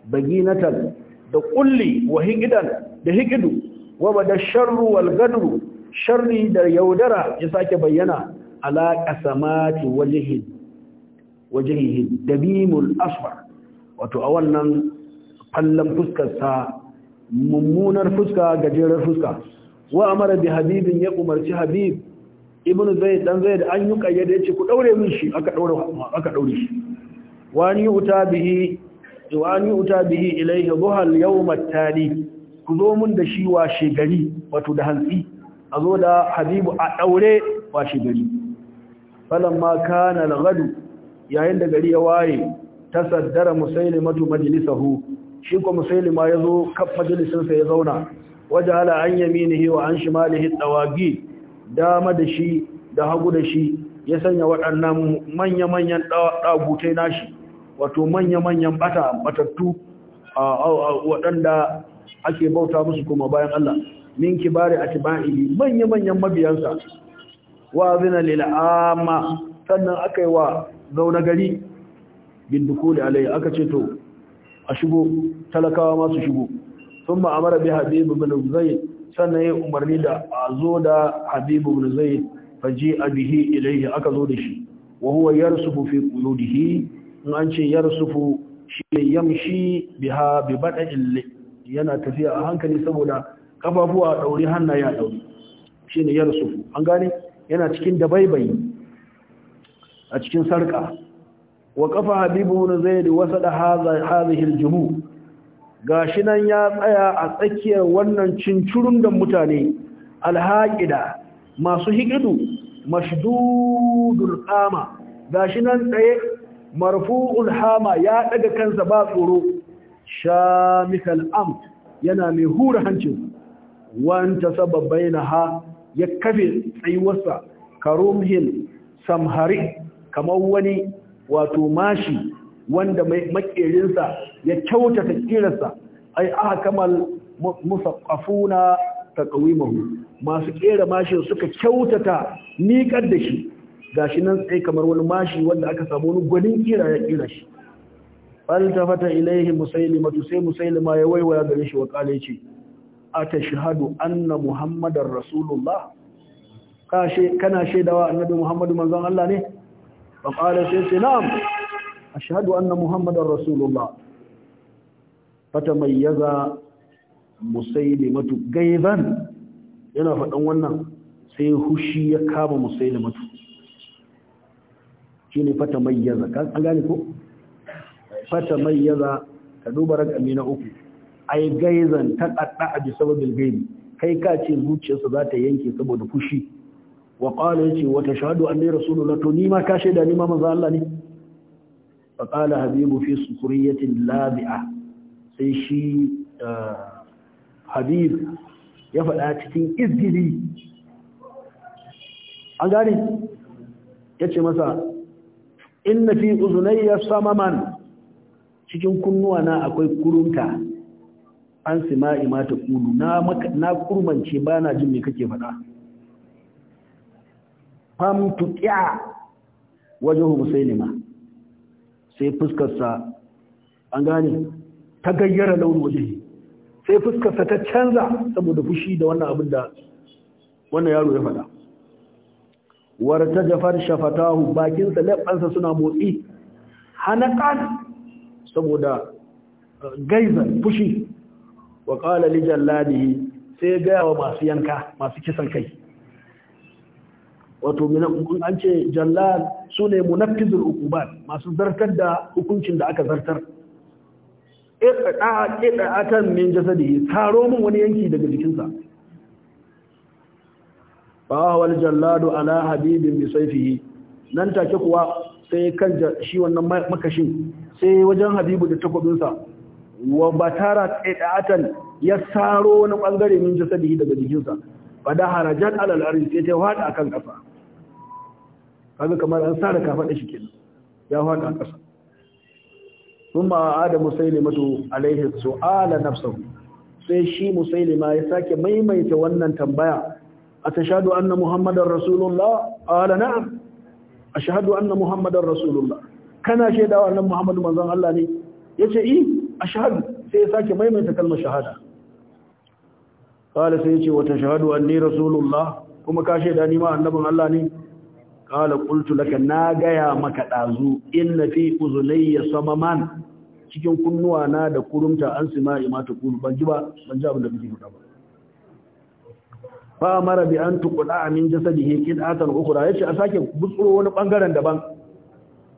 Speaker 1: baginatan da ƙulli wa da hikidu wa da sharru wal sharri da yaudara ya sake bayyana ala samati wajhi wajhihi damimul asfar wato a wannan kallon fuskarsa mummunar fuska gajerar fuska wa amara bi habibin ya umarci habib ibn zai dan zaid an yi ya yace ku daure min shi aka daure shi Wani uta bihi wa uta bihi ilayhi ku zo mun da shi washe gari wato da hantsi a zo da habibu a daure washe gari falamma kana na yayin da gari ya waye tasaddara musailimatu majlisahu shi ko musailima yazo kaf majlisin sa ya zauna Waje hala an yaminihi wa an shimalihi dawagi dama da shi da hagu da shi ya sanya waɗannan manya-manyan ɗagutai nashi wato manya-manyan batattu waɗanda ake bauta musu kuma bayan Allah min kibari atba'ihi manya manyan mabiyansa wa zina lil sannan sannan yi wa zauna gari bin dukuli alai aka ce to a shigo talakawa ma su shigo thumma amara bi habib bin zayd sannan ya umarni da a zo da habib bin zayd faji abihi ilayhi aka zo da shi wa huwa yarsufu fi quludihi in an ce yarsufu shi yamshi biha bi bada'il yana tafiya a hankali saboda kafafuwa a ya ɗauri shi ne shine yarsufu an gane yana cikin dabaibayi a cikin sarka wa kafa habibu da wasa da hadha hadhihi Ga shi nan ya tsaya a tsakiyar wannan cincurun da mutane alhaƙida masu hikidu mashdudul Ga shi nan tsaye marfu'ul hama ya daga kansa ba tsoro shamikal am yana mai hura hancin wanta sababbai na ya kafe tsayuwarsa karumhin samhari kamar wani wato mashi wanda mai makerinsa ya kyautata kirarsa ai aka kamal musaffafuna taqwimahu masu kera mashi suka kyautata niƙar da shi gashi nan tsaye kamar wani mashi wanda aka samu wani gwanin kira ya kira shi faltafata ilaihi musailima sai musailima ya waiwaya gare shi wa kale ce atashhadu anna muhammadar rasulullah kashe kana shaidawa annabi muhammadu manzon Allah ne fa qala sai sai na'am ashhadu anna muhammadar rasulullah fatamayyaza musailimatu gaiban yana faɗan wannan sai hushi ya kama musailimatu shine fatamayyaza kan gane ko fata mai mayyaza ka duba rakami na uku ai gaizan ta qadda bi sababil gaibi kai ka ce zuciyarsa za ta yanke saboda fushi wa qala yace wa tashhadu anni rasulullah to ni ma ka shaida ni ma manzo Allah ne fa qala habibu fi sukuriyatin labi'a sai shi eh, habib ya faɗa cikin izgili an gane ya ce masa inna fi uzunayya samaman cikin kunnuwa na akwai kurunta an sima'i ma ta kulu na kurmance ba na jin me kake faɗa fam tuqi'a wajhu musailima sai fuskarsa an gane ta gayyara launin waje sai fuskarsa ta canza saboda fushi da wannan abin da wannan yaro ya faɗa warta jafar shafatahu bakinsa leɓansa suna motsi hanakan saboda uh, gaizan fushi wa qala li ladihi sai gaya wa masu yanka masu kisan kai wato an ce su sune munaffizul uqubat masu zartar da hukuncin da aka zartar iqda a kan min jasadihi taro min wani yanki daga jikinsa fa wal jalladu ala habibin bi sayfihi nan take kuwa sai kan shi wannan makashin sai wajen habibu da takwabinsa wa batara tsaidatan ya saro wani bangare min jasadi daga jikinsa fada harajan alal ardi sai ta a kan kafa kaga kamar an sara kafa da shi kenan ya a ƙasa. kafa kuma adamu sai ne mutu alaihi su'ala nafsuhu sai shi musailima ya sake maimaita wannan tambaya atashadu anna muhammadar rasulullah ala na'am shahadu anna muhammadar rasulullah kana shaidawa nan muhammadu manzon Allah ne yace i eh, shahadu sai ya sake maimaita kalmar shahada qala sai yace wa tashhadu anni rasulullah kuma ka shaida ni ma annabin Allah ne qala qultu laka na gaya maka dazu inna fi uzunayya samaman cikin kunnuwa na da kurumta an sima'i ma ta kulu ban ji ban ji abin da kake ba fa mara bi an tuqda min jasadihi qid'atan ukhra yace a sake butsuro wani bangaren daban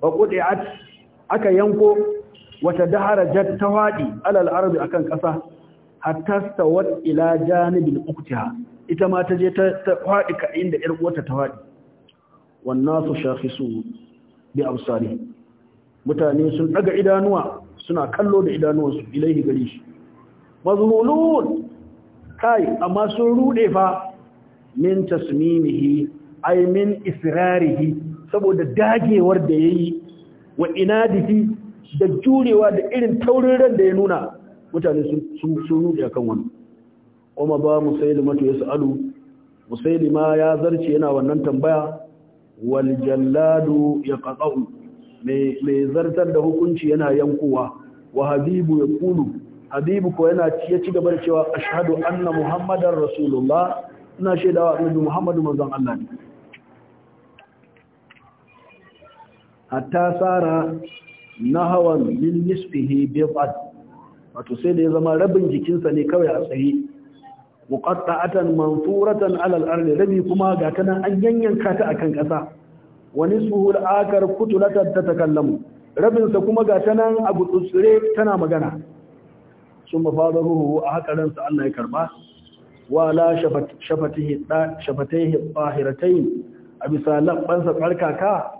Speaker 1: wa qudiat aka yanko wata dahara jat tawadi alal ardi akan kasa hatta stawat ila janibil uqtiha ita ma ta je ta fadi ka inda yar uwata ta fadi wan nasu shakhisu bi absari mutane sun daga idanuwa suna kallo da idanuwansu ilaihi gari shi mazmulun kai amma sun rude fa min tasmimihi ay min israrihi saboda dagewar da yayi wa inadihi da jurewa da irin taurin ran da ya nuna mutane sun sun nuna akan wannan kuma ba musailima to yasalu musailima ya zarce yana wannan tambaya wal jalladu yaqta'u mai zartar da hukunci yana yankuwa wa habibu yaqulu habibu ko yana ya ci gaba da cewa ashhadu anna muhammadar rasulullah ina shaidawa annabi Muhammadu mazan Allah ne hatta na nahawan min nisfihi bid'at wato sai da ya zama rabin jikinsa ne kawai a tsaye muqatta'atan mansuratan ala al-ard rabi kuma ga tana an yanyanka ta akan ƙasa wa nisfuhu al-akhar kutulatan tatakallamu rabin sa kuma ga tana abu tsutsure tana magana sun mafadaruhu a hakaransa Allah ya karɓa. wala shafataihi tsahiratai a bisa labbansa tsarkaka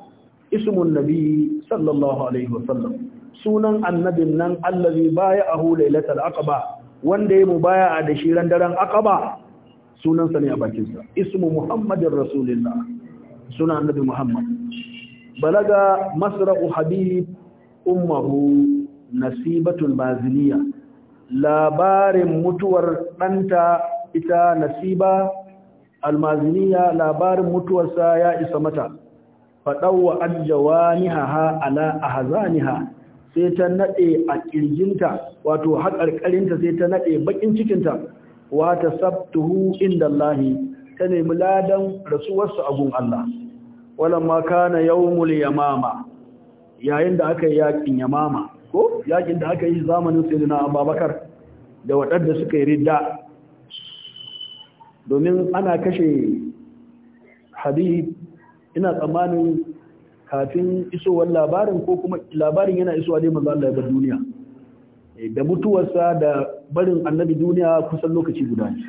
Speaker 1: ismun nabi sallallahu alaihi wasallam sunan annabin nan allazi baya ahu lailatul aqaba wanda ya mu baya a da shiran daren aqaba sunansa ne a bakinsa ismu muhammadin Rasulillah suna annabi muhammad balaga masra'u habib ummuhu nasibatul baziliya labarin mutuwar ɗanta ita nasiba almaziniya labarin mutuwarsa ya isa mata faɗauwa ajjawaniha ala ahzaniha sai ta nade a kirjinta wato haƙarƙarinta sai ta nade bakin cikinta wata sabtuhu inda Allah ta nemi ladan rasuwarsa a gun Allah walamma kana yawmul yamama yayin da aka yi yaƙin yamama ko yaƙin da aka yi zamanin sayyidina ababakar, da waɗanda suka yi ridda domin ana kashe habib ina tsammanin kafin isowar labarin ko kuma labarin yana isowa ne manzo Allah ya bar duniya eh, da mutuwarsa da barin annabi duniya kusan lokaci guda ne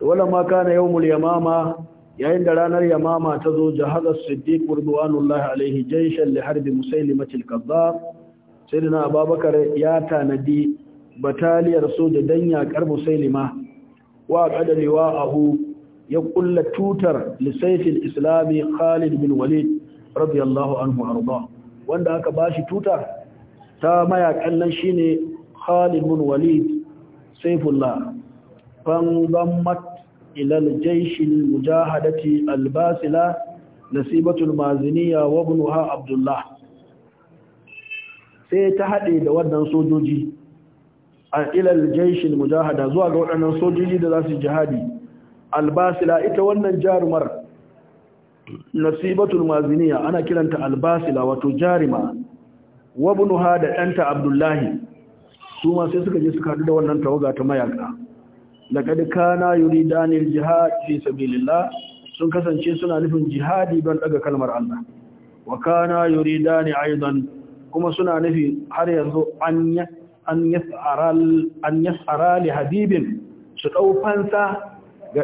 Speaker 1: wala ma kana yawmul yamama yayin da ranar yamama ta zo as siddiq radwanullahi alaihi jayshan li harbi al kazzab sayyidina abubakar ya tanadi bataliyar soja dan yakar musailima wa qada liwa'ahu ya kulla tutar lisayfil islami Khalid bin Walid radiyallahu anhu arda wanda aka bashi tutar ta mayakan nan shine Khalid bin Walid Saifullah فانضمت إلى الجيش المجاهدة الباسلة نسيبة المازنية وابنها عبد الله sai ta haɗe da wannan sojoji a ilal jaishin mujahada zuwa ga waɗannan sojoji da za su jihadi albasila ita wannan jarumar nasibatul maziniya ana kiranta albasila wato jarima wabnuha da ɗanta abdullahi su ma sai suka je suka haɗu da wannan tawaga ta mayaka laqad kana yuridani aljihad fi sabilillah sun kasance suna nufin jihadi don daga kalmar Allah wa kana yuridani aidan kuma suna nufi har yanzu an an yasara li habibin su ɗaukansa ga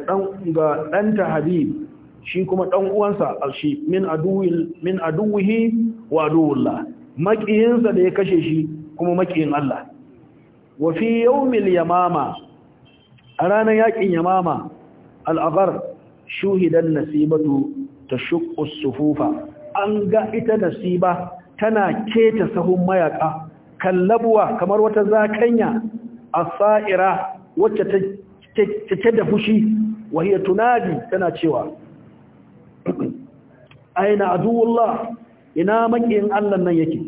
Speaker 1: ɗanta habib shi kuma ɗan'uwansa a shi. min aduhi wa aduwullah maƙiyinsa da ya kashe shi kuma maƙiyin Allah Wafi fi yamama a ranar yaƙin yamama al'abar shuhidan nasibatu ta shukus sufufa an ga ita nasiba tana keta sahun mayaƙa kallabuwa kamar wata zakanya sa'ira wacce ta cike da fushi wahiya tunadi tana cewa aina aduwullah ina makiyin Allah nan yake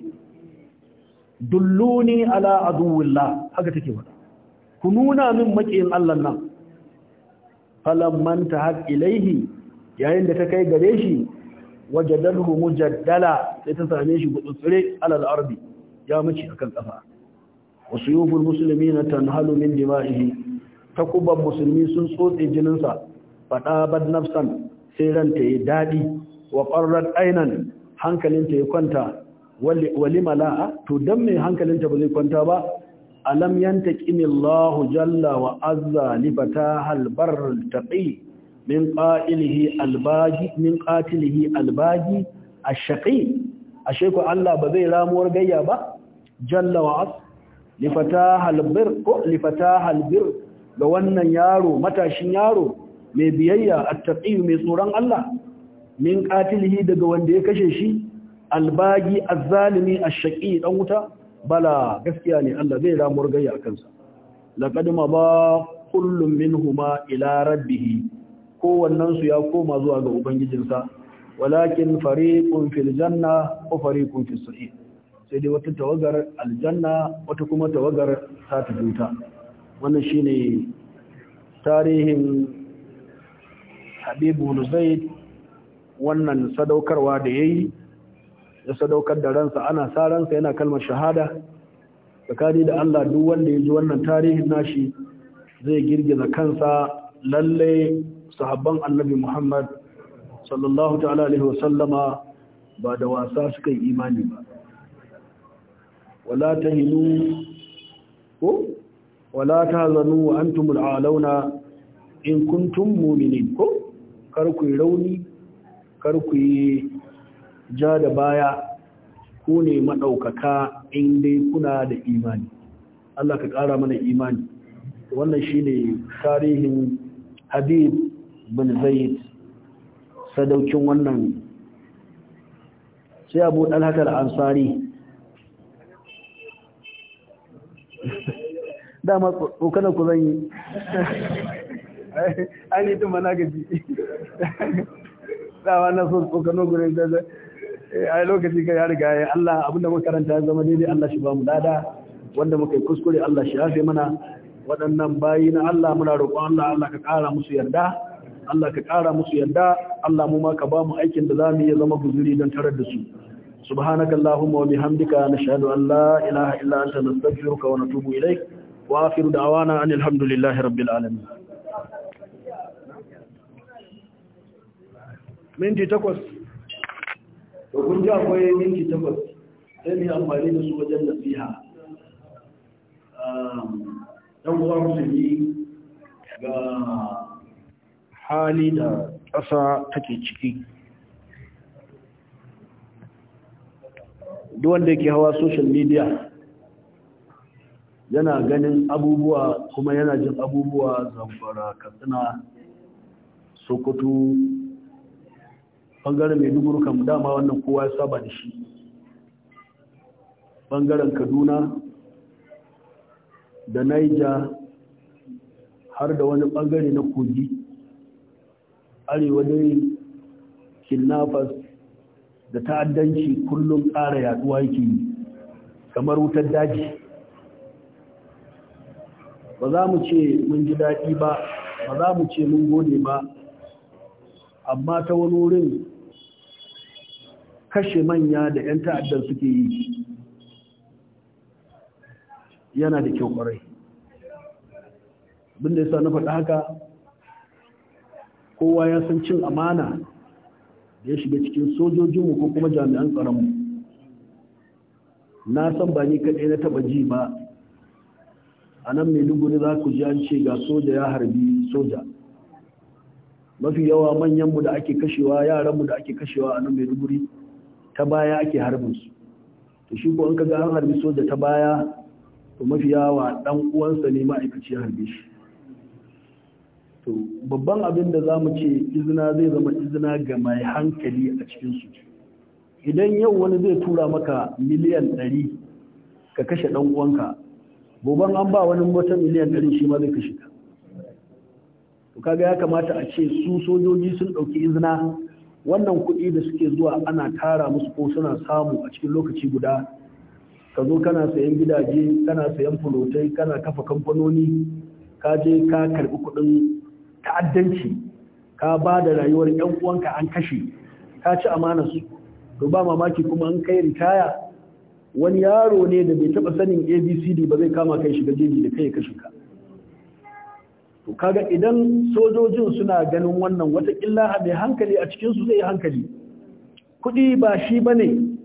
Speaker 1: dulluni ala aduwullah haka take wada ku nuna min makiyin Allah nan falamman tahab ilaihi yayin da ta kai gare shi wajadahu mujaddala sai ta same shi gutsutsure alal ja mace kan ƙafa. wasu yuful musulmi na tanhalu min dima'ihi Takubar musulmi sun tsotse jininsa fada bad nafsan sai ranta ya daɗi wa qarrat ainan hankalinta ya kwanta wali mala'a to dan mai hankalinta ba zai kwanta ba alam yantaqini Allah jalla wa azza li fatahal barr min qa'ilihi albaji min qatilihi ashe ku Allah ba zai ramuwar gayya ba jalla wa as li fatahal ko li fatahal bir ga wannan yaro matashin yaro mai biyayya attaqi mai tsoron Allah min qatilihi daga wanda ya kashe shi albagi azzalimi ashqi dan wuta bala gaskiya ne Allah zai ramuwar gayya akan sa laqad ba kullum minhuma ila rabbih kowannen su ya koma zuwa ga ubangijinsa walakin fariqun fil janna wa fariqun fis sa'ir sai dai wata tawagar aljanna wata kuma tawagar sata tafuta wannan shine tarihin Habibu Zaid wannan sadaukarwa da yayi ya sadaukar da ransa ana sa ransa yana kalmar shahada tsakani da Allah duk wanda ya ji wannan tarihin nashi zai girgiza kansa lalle sahabban annabi Muhammad sallallahu ta'ala alaihi wasallama ba da wasa suka yi imani ba wala tahinu ko wala tahzanu wa a'launa in kuntum mu'minin ko kar ku yi rauni kar ku yi ja da baya ku ne madaukaka in dai kuna da imani Allah ka ƙara mana imani wannan shine tarihin Habib bin Zaid sadaukin wannan sai abu ɗalhatar ansari [LAUGHS] dama tsokanar ku zan yi an [LAUGHS] yi tun mana gaji [LAUGHS] dama na so tsokanar gudun da a eh, lokaci ka ya gaya ya Allah abinda makaranta ya zama daidai Allah shi ba mu dada wanda muka yi kuskure Allah shi ya fi mana waɗannan bayi na Allah muna roƙon Allah Allah ka ƙara musu yarda Allah ka ƙara musu yadda Allah mu ma ka ba mu aikin da za mu iya zama guzuri don tarar da su subhanaka allahumma wa bihamdika nashhadu an la ilaha illa anta nastaghfiruka wa natubu ilayk wa akhiru da'wana anil hamdulillahi rabbil alamin minti takwas to kun ji akwai minti takwas sai mu yi amfani da su wajen nasiha ɗan uwa musulmi ga hali da ƙasa take ciki duk wanda yake hawa social media yana ganin abubuwa kuma yana jin abubuwa zamfara katsina sokoto bangaren maiduguri kan dama wannan kowa ya saba da shi bangaren kaduna da naija har da wani ɓangare na kogi arewa dai kinnafas da ta'addanci kullum ƙara yaduwa yake yi kamar wutar daji ba za mu ce mun ji daɗi ba ba za mu ce mun gode ba amma ta wani wurin kashe manya da 'yan ta'addan suke yi yana da kyau ƙwarai abinda ya sa na faɗa haka kowa ya san cin amana da ya shiga cikin sojojinmu ko kuma jami'an tsaronmu na san ba ni kaɗai na taɓa ji ba a nan mai maiduguri za ku ji an ce ga soja ya harbi soja mafi yawa manyanmu da ake kashewa yaranmu da ake kashewa a nan maiduguri ta baya ake harbin su to shi ko an kaga an harbi soja ta baya to mafi yawa dan uwansa ne ma'aikaci ya harbe shi to babban abin da za mu ce izina zai zama izina ga mai hankali a cikinsu idan yau wani zai tura maka miliyan ɗari ka kashe ɗan uwanka goban an ba wani wata miliyan ɗari shi ma zai kashe ka to kaga ya kamata a ce su sojoji sun ɗauki izina wannan kuɗi da suke zuwa ana tara musu ko suna samu a cikin lokaci guda ka zo kana sayan gidaje kana sayan fulotai kana kafa kamfanoni ka je ka karɓi kuɗin ta'addanci ka ba da rayuwar yan uwanka an kashe ka ci amana su to ba mamaki kuma an kai ritaya wani yaro ne da bai taba sanin abcd ba zai kama kai shiga jeji da kai ya kashe ka to kaga idan sojojin suna ganin wannan wata illa mai hankali a cikin su zai hankali kudi ba shi bane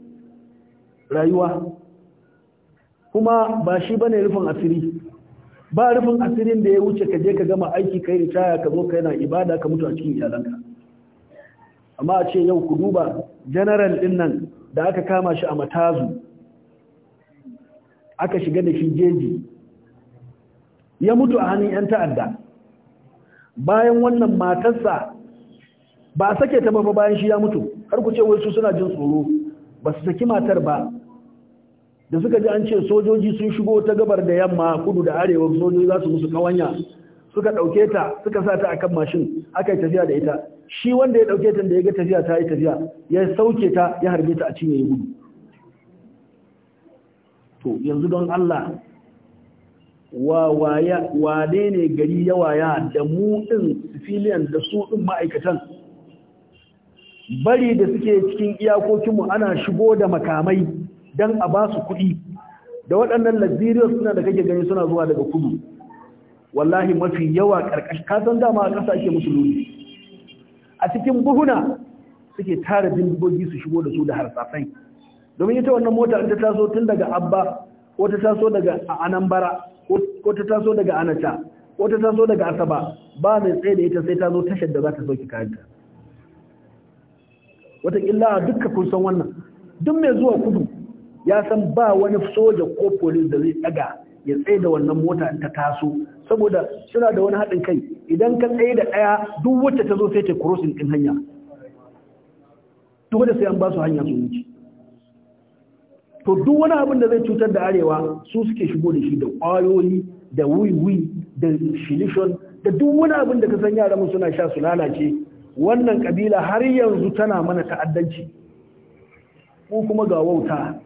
Speaker 1: rayuwa kuma ba shi bane rufin asiri ba rufin asirin da ya wuce ka je ka gama aiki kai ritaya ka zo ka yana ibada ka mutu a cikin iyalanka amma a ce yau ku duba general din nan da aka kama shi a matazu aka shiga da shi jeji ya mutu a hannun 'yan ta'adda bayan wannan matarsa ba a sake ta ba bayan shi ya mutu har ku ce wai su suna jin tsoro ba su saki matar ba da suka ji an ce sojoji sun shigo ta gabar da yamma kudu da arewa sojoji za su musu kawanya suka ɗauke ta suka sa ta akan mashin aka yi tafiya da ita shi wanda ya ɗauke ta da ya ga tafiya ta yi tafiya ya sauke ta ya harbe ta a cinye ya gudu to yanzu don Allah wa wane ne gari ya waya da mu ɗin civilian da su ɗin ma'aikatan bari da suke cikin iyakokinmu ana shigo da makamai don a ba su kuɗi da waɗannan luxurious suna da kake gani suna zuwa daga kudu wallahi mafi yawa ƙarƙashi kasan dama a ƙasa ake musulmi a cikin buhuna suke tara bindigogi su shigo da su da harsafai domin ita wannan mota ta taso tun daga abba ko ta taso daga anambara ko ta taso daga anata ko ta taso daga asaba ba mai tsaye da ita sai ta zo tashar da za ta soke kayanta wataƙila dukka kun san wannan duk mai zuwa kudu ya san ba wani soja ko polis da zai daga ya tsaye da wannan mota ta taso saboda suna da wani haɗin kai idan ka tsaye da ɗaya duk wacce ta zo sai ta crossing ɗin hanya duk da sai an ba su hanya su wuce to duk wani abin da zai cutar da arewa su suke shigo da shi da ƙwayoyi da wiwi da shilishon da duk wani abin da ka san yara mu suna sha su lalace wannan kabila har yanzu tana mana ta'addanci ko kuma ga wauta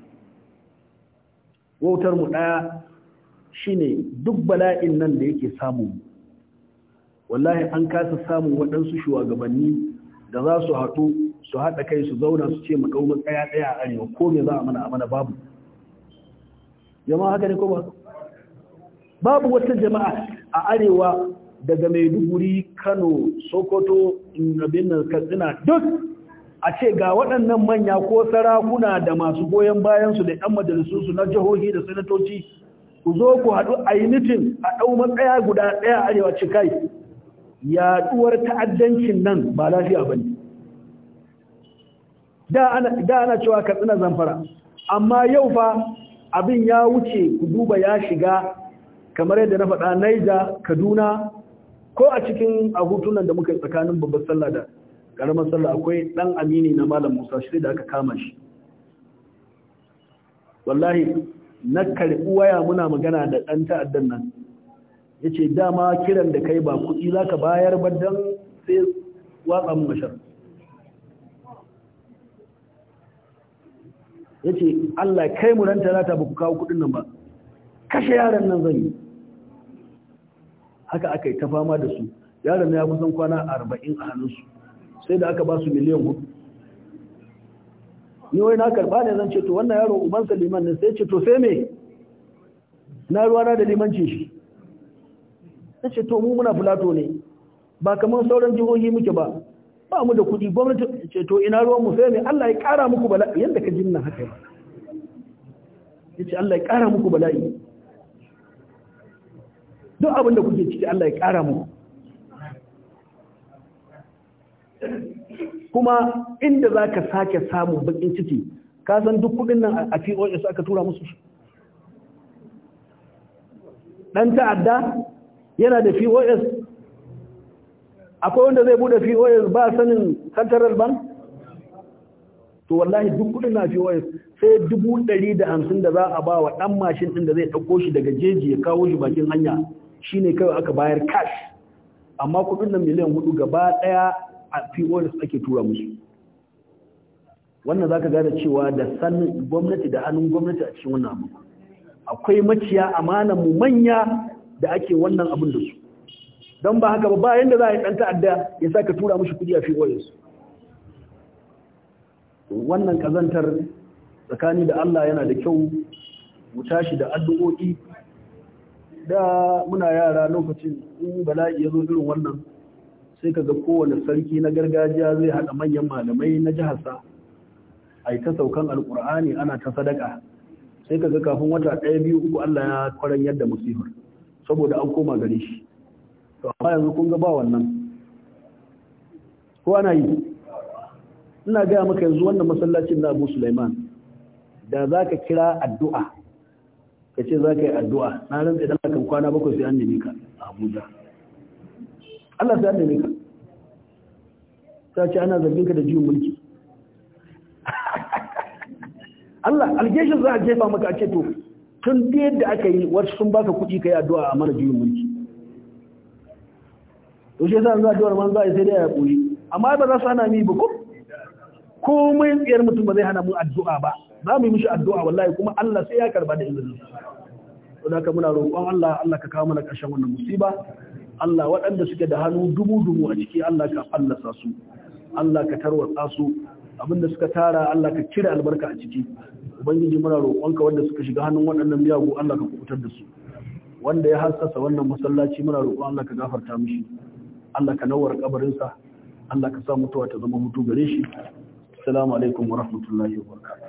Speaker 1: wautar mu ɗaya shine duk bala'in nan da yake samu wallahi an kasa samun waɗansu shugabanni da za su haɗu su haɗa kai su zauna su ce mu ɗau ɗaya a arewa ko me za a mana a babu jama'a haka ne ko ba babu wata jama'a a arewa daga maiduguri kano sokoto abin nan katsina duk a ce ga waɗannan manya ko sarakuna da masu goyon bayansu da 'yan majalisunsu na jihohi da sanatoci ku zo ku haɗu a yi mitin a ɗau matsaya guda ɗaya arewa cikai yaɗuwar ta'addancin nan ba lafiya ba ne da ana cewa katsina zamfara amma yau fa abin ya wuce ku duba ya shiga kamar yadda na faɗa naija kaduna ko a cikin a hutunan da muka yi tsakanin babbar sallah da karamar sallah akwai ɗan amini na malam musa shi da aka kama shi wallahi na karbi waya muna magana da dan ta'addan nan yace dama kiran da kai ba kuɗi zaka bayar ba dan sai watsa mu mashar yace Allah kai mu ran talata ba ku kawo kuɗin nan ba kashe yaran nan zan yi haka aka yi ta fama da su yaran ya kusan kwana arba'in a hannunsu sai da aka ba su miliyan hudu ni wai na karba ne zan ce to wannan yaro uban liman ne sai ce to sai me na ruwa na da limancin shi sai ce to mu muna filato ne ba kamar sauran jihohi muke ba ba mu da kuɗi gwamnati ce to ina ruwan mu sai me Allah ya ƙara muku bala'i yanda ka jinna haka ce Allah ya ƙara muku bala'i duk abin da kuke ciki Allah ya ƙara muku kuma inda za ka sake samu bakin ciki ka san duk kudin nan a pos aka tura musu dan ta'adda yana da pos akwai wanda zai bude pos ba sanin central bank to wallahi duk kudin na pos sai dubu ɗari da hamsin da za a ba wa ɗan mashin ɗin da zai ɗauko shi daga jeji ya kawo shi bakin hanya shine kawai aka bayar kash. amma kudin nan miliyan hudu gaba ɗaya a POS ake tura musu wannan za ka gada cewa da sanin gwamnati da hannun gwamnati a cikin wannan abubuwa akwai maciya amanan mu manya da ake wannan abin da su don ba haka ba bayan da za a yi ɗan ta'adda ya sa ka tura mushi kudi a POS wannan kazantar tsakani da Allah yana da kyau mu tashi da addu'o'i da muna yara lokacin in bala'i ya zo irin wannan sai kaga kowane sarki na gargajiya zai haɗa manyan malamai na jiharsa a yi ta saukan alƙur'ani ana ta sadaka sai kaga kafin wata ɗaya biyu uku Allah ya kwaran yadda musifar saboda an koma gare shi to amma yanzu kun ga ba wannan ko ana yi ina gaya maka yanzu wannan masallacin na Abu Sulaiman da za ka kira addu'a ka ce za ka yi addu'a na rantsa idan kan kwana bakwai sai an nemi ka Abuja Allah sai da ka ta ce ana zargin ka da jiwon mulki Allah algeshin za a jefa maka a ce to tun da yadda aka yi wasu sun baka kuɗi ka yi addu'a a mana jiwon mulki to shi yasa za a dawar man za a yi sai da ya koyi amma ba za su hana ni ba ko komai tsayar mutum ba zai hana mu addu'a ba za mu yi mishi addu'a wallahi kuma Allah sai ya karba da izinin to da ka muna roƙon Allah Allah ka kawo mana ƙarshen wannan musiba Allah waɗanda suke da hannu dubu-dubu a ciki Allah ka fallasa su Allah ka tarwatsa su abinda suka tara Allah ka cire albarka a ciki ubangiji muna roƙonka wanda suka shiga hannun waɗannan miyagu Allah ka kubutar da su wanda ya hassasa wannan masallaci muna roƙon Allah ka gafarta mishi Allah ka nawar kabarinsa Allah ka sa mutuwa ta zama mutu gare shi assalamu alaikum wa rahmatullahi wa barakatuh